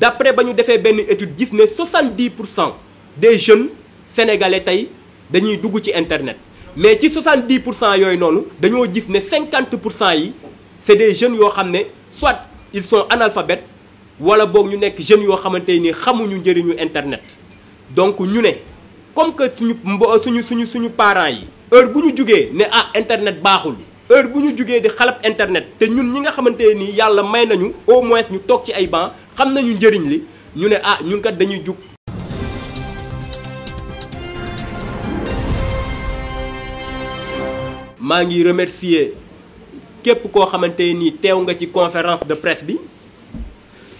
d'après ba ñu defee benn étude gis ne 70 pour cent des jeunes sénégalais tey dañuy dugg ci internet mais ci 70 pour cent yooyu noonu dañoo gis ne 50 pour cent yi c'est des jeunes yoo xam ne soit ils sont analphabètes wala boog ñu nekk jeunes yoo xamante ni xamuñu njëriñu internet donc ñu ne comme que suñu mbo suñu suñu suñu parents yi heure bu ñu jugee ne a ah internet baaxul heure bu ñu jugee di xalab internet te ñun ñi nga xamante nii yàlla may nañu au moins ñu toog ci ay banc xam nañu njëriñ li ñu ne ah ñun kat dañuy jug. maa ngi remercier képp koo xamante ni teew nga ci conférence de presse bi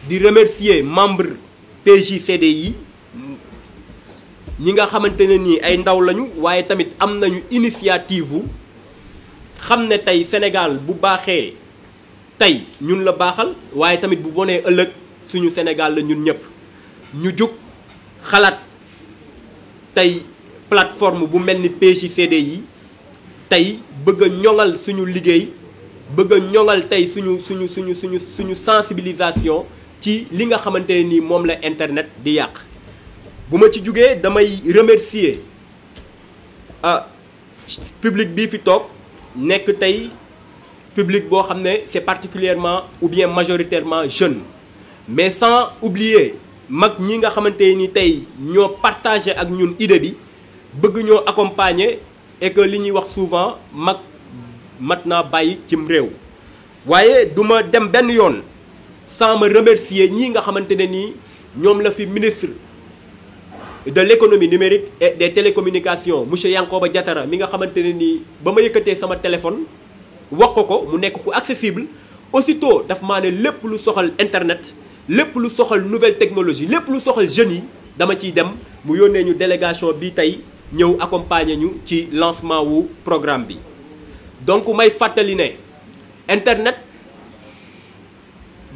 di remercier membre PJCD yi ñi nga xamante ne nii ay ndaw lañu waaye tamit am nañu initiative wu xam ne tey Sénégal bu baaxee tey ñun la baaxal waaye tamit bu bonee ëllëg. suñu Sénégal la ñun ñëpp ñu jug xalaat tey plateforme bu mel ni PJCD yi tey bëgg a ñoŋal suñu liggéey bëgg ñoŋal tey suñu suñu suñu suñu suñu sensibilisation ci li nga xamante ne nii moom la internet di yàq bu ma ci jugee damay remercier ah public bii fi toog nekk tey public boo xam ne c'est particulièrement ou bien majoritairement jeune mais sans oublier mag ñi nga xamante ni tey ñoo partagé ak ñun idée bi bëgg ñoo accompagner et li ñuy wax souvent mag mat naa bàyyi cim réew. waaye duma dem benn yoon sans ma remercier ñii nga xamante ne nii ñoom la fi ministre de l'économie numérique et des télécommunications monsieur ba Diatara mi nga xamante ne nii ba ma yëkkatee sama téléphone wax ko ko mu nekk ku accessible aussitôt daf maa ne lépp lu soxal internet. lépp lu soxal nouvelle technologie lépp lu soxal jeunes yi dama ciy dem mu yónnee ñu délégation bi tey ñëw accompagner ñu ci lancement wu programme bi donc may fàttali ne internet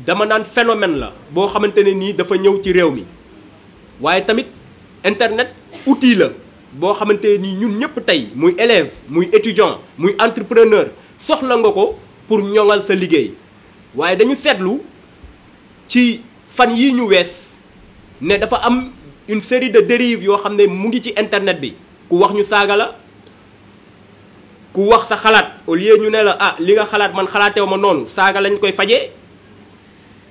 dama naan phénomène la boo xamante ne nii dafa ñëw ci réew mi waaye tamit internet outil la boo xamante nii ñun ñëpp tey muy élève muy étudiant muy entrepreneur soxla nga ko pour ñoŋal sa liggéey waaye dañu seetlu ci fan yi ñu wees ne dafa am une série de dérives yoo xam ne mu ngi ci internet bi ku wax ñu saaga la ku wax sa xalaat au lieu ñu ne la ah li nga xalaat man xalaatew ma noonu saaga lañ koy fajee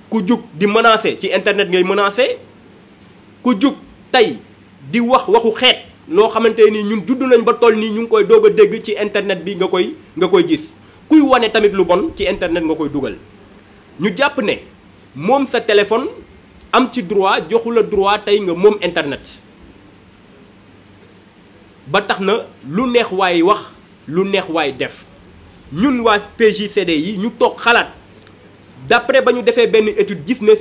ku jug di menacer ci internet ngay menacer ku jug tey di wax waxu xeet loo xamante nii ñun juddu nañ ba tool nii ñu ngi koy doog a dégg ci internet bi nga koy nga koy gis kuy wane tamit lu bon ci internet nga koy dugal ñu jàpp ne. moom sa téléphone am ci droit joxula la droit tey nga moom internet ba tax na lu neex waay wax lu neex waay def ñun waa PJCD yi ñu toog xalaat d'après ba ñu defee benn étude gis ne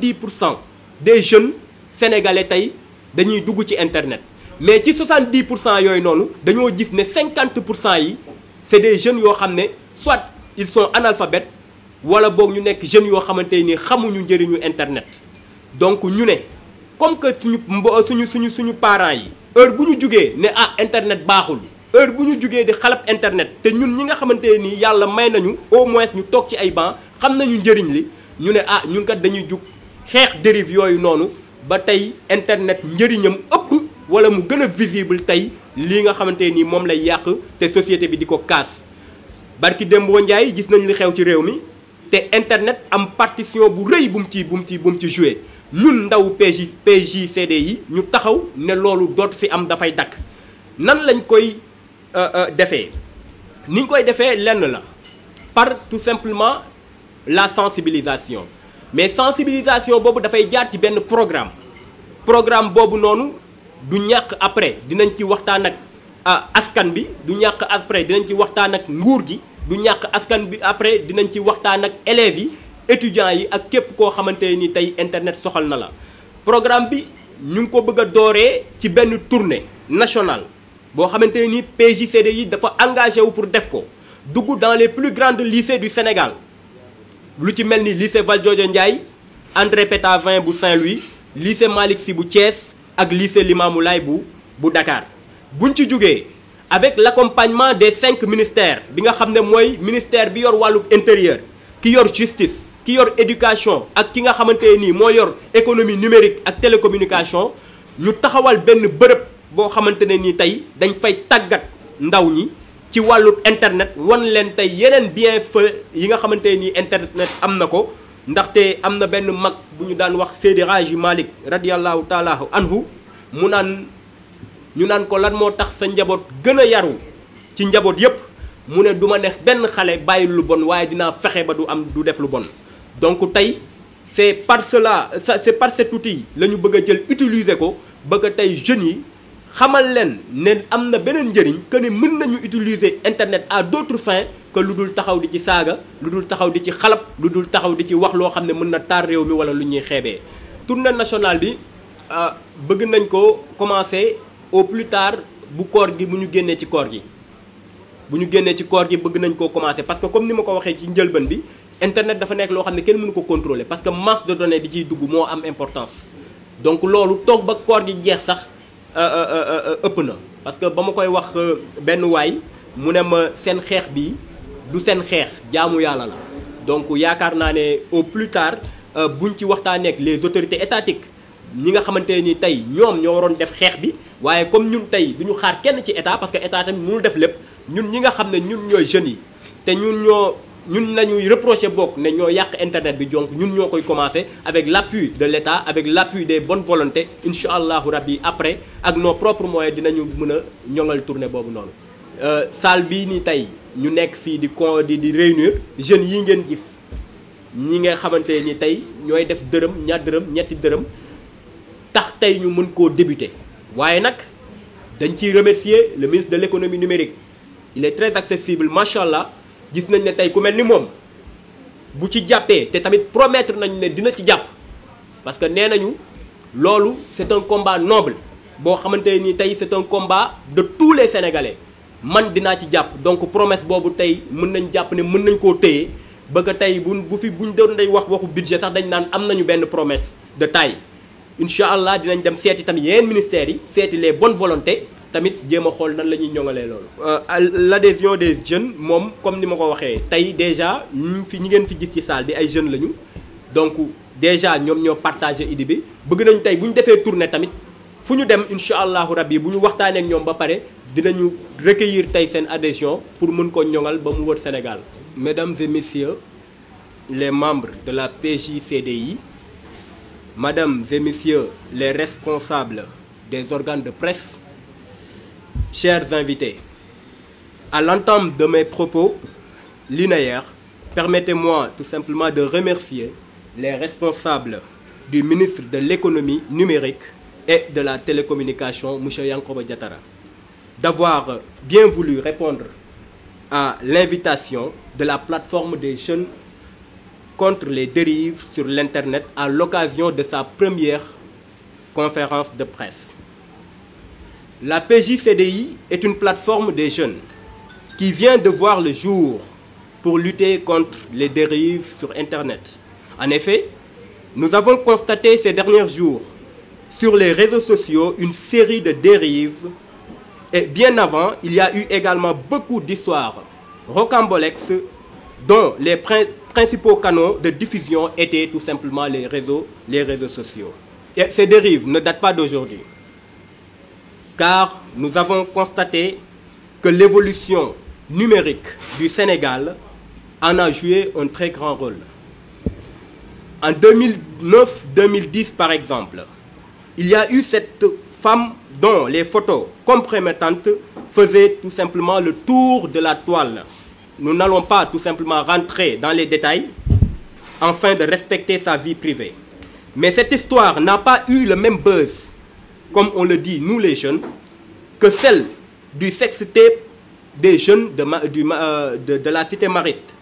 di pour cent de jeunes sénégalais tey dañuy dugg ci internet mais ci 70 pour cent yooyu noonu dañoo gis ne 50 pour cent yi c'est des jeunes yoo xam ne soit ils sont analphabètes wala boog ñu nekk jeunes yoo xamante ni xamuñu njëriñu internet donc ñu ne comme que suñu mbo suñu suñu suñu parents yi heure bu ñu jógee ne ah internet baaxul heure bu ñu jugee di xalab internet te ñun ñi nga xamante nii yàlla may nañu au moins ñu toog ci ay banc xam nañu njëriñ li ñu ne ah ñun kat dañuy jug xeex dérive yooyu noonu ba tey internet njëriñam ëpp wala mu gën a visible tey lii nga xamante nii moom lay yàq te société bi di ko kaas barki Dembo Ndiaye gis nañ li xew ci réew mi te internet am partition bu rëy bu ci bu ci bu ci joué ñun ndaw PJ PJCD yi ñu taxaw ne loolu doot fi am dafay dakk nan lañ koy euh, euh, defee niñ koy defee lenn la par tout la sensibilisation mais sensibilisation boobu dafay jaar ci benn programme programme boobu noonu du ñàkk après dinañ ci waxtaan ak euh, askan bi du ñàkk après dinañ ci waxtaan ak nguur gi du ñàkk askan bi après dinañ ci waxtaan ak élèves yi étudiants yi ak képp koo xamante ni tey internet soxal na la programme bi ñu ngi ko bëgg a dooree ci benn tournée nationale boo xamante ni PJCD yi dafa engagé wu pour def ko dugg dans les plus grands lycées du Sénégal lu ci mel ni lycée Valdiodio Ndiaye André Pétavin bu Saint-Louis lycée Malick Sy bu cees ak lycée Limamoulaye bu bu Dakar buñ ci jógee avec l'accompagnement des cinq ministères bi nga xam ne mooy ministère bi yor wàllu intérieur ki yor justice ki yor éducation ak ki nga xamante nii moo yor économie numérique ak télécommunication ñu taxawal benn bërëb boo xamante ne nii tey dañ fay tàggat ndaw ñi ci wàllu internet wan leen tey yeneen bienfaits yi nga xamante nii internet am na ko ndaxte am na benn mag bu ñu daan wax Seydi yu Malick radiyallahu taala anhu mu naan ñu naan ko lan moo tax sa njaboot gën a yaru ci njaboot yépp mu ne du ma neex benn xale bàyyi lu bon waaye dinaa fexe ba du am du def lu bon donc tey c'est par cela c'est parce cet outil la ñu bëgg a jël utiliser ko bëgg a tey jeunes yi xamal leen ne am na beneen njëriñ que ne mën nañu utiliser internet à d'autres fin que lu dul taxaw di ci saaga lu dul taxaw di ci xalab lu dul taxaw di ci wax loo xam ne mën na taar réew mi wala lu ñuy xeebee tournée national bi ah, bëgg nañ ko commencer au plus tard bu koor gi bu ñu génnee ci koor gi bu ñu génnee ci koor gi bëgg nañ koo commencer parce que comme ni ma ko waxee ci njëlbeen bi internet dafa nekk loo xam ne kenn mënu ko contrôler parce que masse de données bi ciy dugg moo am importance donc loolu toog ba koor gi jeex sax euh, euh, euh, ëpp na parce que ba ma koy wax benn waay mu ne ma seen xeex bi du seen xeex jaamu yàlla la donc yaakaar naa ne au plus tard buñ ci waxtaanee ak les autorités étatiques ñi nga xamante ni tey ñoom ñoo waroon def xeex bi waaye comme ñun tey bu ñu xaar kenn ci état parce que état mu mënul def lépp ñun ñi nga xam ne ñun ñooy jeunes yi te ñun ñoo ñun lañuy reproché bokk ne ñoo yàq internet bi donc ñun ñoo koy commencé avec l' appui de l' état avec l' appui des bonnes volontés incha allahu rabbi après ak nos propres mooy dinañu mën a ñoŋal tournée boobu noonu. Euh, salle bii nii tey ñu nekk fii di con di di réunir jeunes yi ngeen gis ñi nga xamante ni tey ñooy def dërëm ñaar dërëm ñetti dërëm. tax tey ñu mën koo débuter waaye nag dañ ciy remercier le ministre de l'économie numérique il est très accessible macha allah gis nañ ne tey ku mel ni moom bu ci jàppee te tamit promettre nañ ne dina ci jàpp parce que nee nañu loolu c'est un combat noble boo xamante ni tey c'est un combat de tous les sénégalais man dinaa ci jàpp donc promesse boobu tey mën nañ jàpp ne mën nañ koo téye ba tey bu bu fi buñ doon day wax waxu budget sax dañ naan am nañu benn promesse de taille. incha allah dinañ dem seeti tamit yeneen ministères yi seeti les bonnes volontés tamit jéem a xool nan la ñuy ñoŋalee loolu. Euh, l' adhésion des jeunes moom comme ni ma ko waxee tey déjà ñu fi ñi ngeen fi gis ci salle bi ay jeunes lañu donc déjà ñoom ñoo partagé idée bi bëgg nañu tey bu ñu defee tournée tamit fu ñu dem incha allahu yi bu ñu waxtaaneek ñoom ba pare dinañu recueillir tey seen adhésion pour mën ko ñoŋal ba mu wër Sénégal. mesdames et messieurs les membres de la PJCDI. Mesdames et Messieurs les responsables des organes de presse, chers invités, à l'entame de mes propos linéaires, permettez-moi tout simplement de remercier les responsables du ministre de l'économie numérique et de la télécommunication, M. Yankoba Diatara, d'avoir bien voulu répondre à l'invitation de la plateforme des jeunes contre les dérives sur l'Internet à l'occasion de sa première conférence de presse. La PJCDI est une plateforme des jeunes qui vient de voir le jour pour lutter contre les dérives sur Internet. En effet, nous avons constaté ces derniers jours sur les réseaux sociaux une série de dérives et bien avant, il y a eu également beaucoup d'histoires rocambolesques dont les, principaux canaux de diffusion étaient tout simplement les réseaux, les réseaux sociaux. Et ces dérives ne datent pas d'aujourd'hui, car nous avons constaté que l'évolution numérique du Sénégal en a joué un très grand rôle. En 2009-2010, par exemple, il y a eu cette femme dont les photos compromettantes faisaient tout simplement le tour de la toile nous n'allons pas tout simplement rentrer dans les détails afin de respecter sa vie privée. Mais cette histoire n'a pas eu le même buzz, comme on le dit, nous les jeunes, que celle du sextape des jeunes de, du, euh, de, de la cité mariste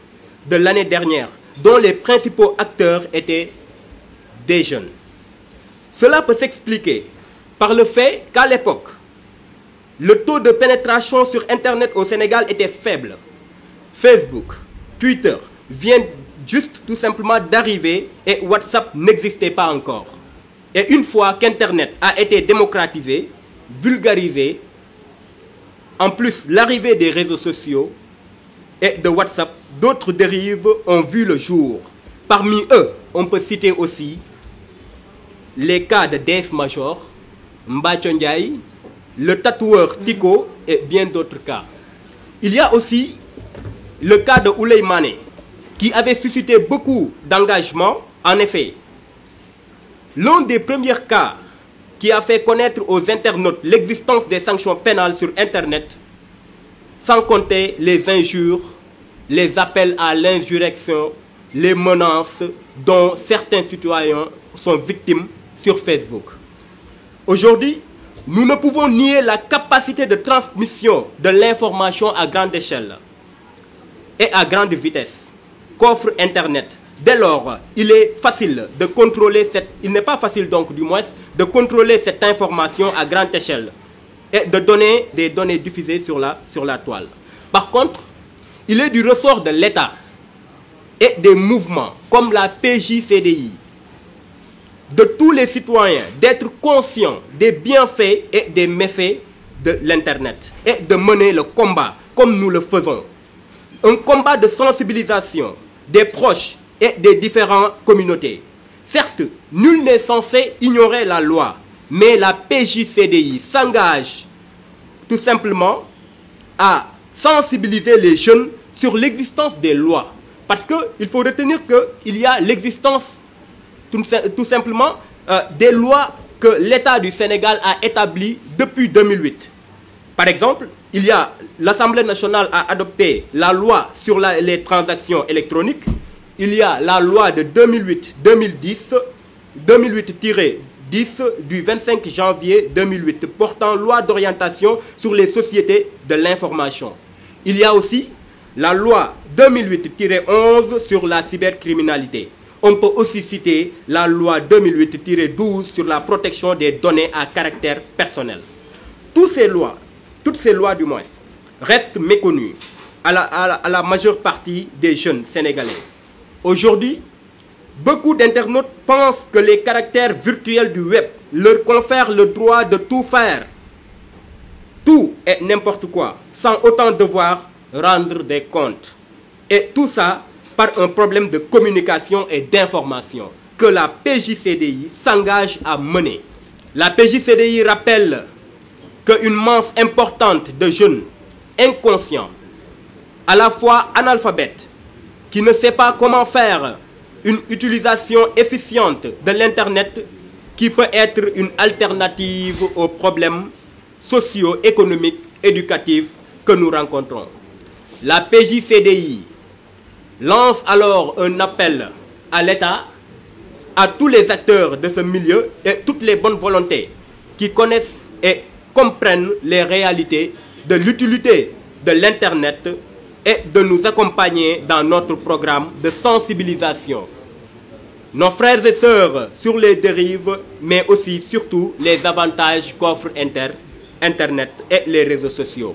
de l'année dernière, dont les principaux acteurs étaient des jeunes. Cela peut s'expliquer par le fait qu'à l'époque, le taux de pénétration sur Internet au Sénégal était faible. Facebook, Twitter viennent juste tout simplement d'arriver et WhatsApp n'existait pas encore. Et une fois qu'Internet a été démocratisé, vulgarisé, en plus l'arrivée des réseaux sociaux et de WhatsApp, d'autres dérives ont vu le jour. Parmi eux, on peut citer aussi les cas de Dave Major, Mbathio le tatoueur Tico et bien d'autres cas. Il y a aussi le cas de Ouleymane, qui avait suscité beaucoup d'engagement. En effet, l'un des premiers cas qui a fait connaître aux internautes l'existence des sanctions pénales sur Internet, sans compter les injures, les appels à l'insurrection, les menaces dont certains citoyens sont victimes sur Facebook. Aujourd'hui, nous ne pouvons nier la capacité de transmission de l'information à grande échelle et à grande vitesse qu'offre Internet. Dès lors, il est facile de contrôler cette, il n'est pas facile donc du moins de contrôler cette information à grande échelle et de donner des données diffusées sur la, sur la toile. Par contre, il est du ressort de l'État et des mouvements comme la PJCDI, de tous les citoyens d'être conscients des bienfaits et des méfaits de l'Internet et de mener le combat comme nous le faisons. un combat de sensibilisation des proches et des différentes communautés. Certes, nul n'est censé ignorer la loi, mais la PJCDI s'engage tout simplement à sensibiliser les jeunes sur l'existence des lois. Parce qu'il faut retenir qu'il y a l'existence tout simplement euh, des lois que l'État du Sénégal a établies depuis 2008. Par exemple, il y a l'Assemblée nationale a adopté la sur la, les transactions électroniques. Il y a la loi de 2008-2010, 2008-10 du 25 janvier 2008 portant loi d'orientation sur les sociétés de l'information. Il y a aussi la loi 2008-11 sur la cybercriminalité. On peut aussi citer la loi 2008-12 sur la protection des données à caractère personnel. Toutes ces lois toutes ces lois du moins restent méconnues à la, à la, à majeure partie des jeunes sénégalais. Aujourd'hui, beaucoup d'internautes pensent que les caractères virtuels du web leur confèrent le droit de tout faire, tout est n'importe quoi, sans autant devoir rendre des comptes. Et tout ça par un problème de communication et d'information que la PJCDI s'engage à mener. La PJCDI rappelle qu'une masse importante de jeunes inconscients, à la fois analphabètes, qui ne sait pas comment faire une utilisation efficiente de l'Internet qui peut être une alternative aux problèmes socio-économiques, éducatifs que nous rencontrons. La PJCDI lance alors un appel à l'État, à tous les acteurs de ce milieu et toutes les bonnes volontés qui connaissent et comprennent les réalités de l'utilité de l'Internet et de nous accompagner dans notre programme de sensibilisation. Nos frères et sœurs sur les dérives, mais aussi surtout les avantages qu'offre Inter, Internet et les réseaux sociaux.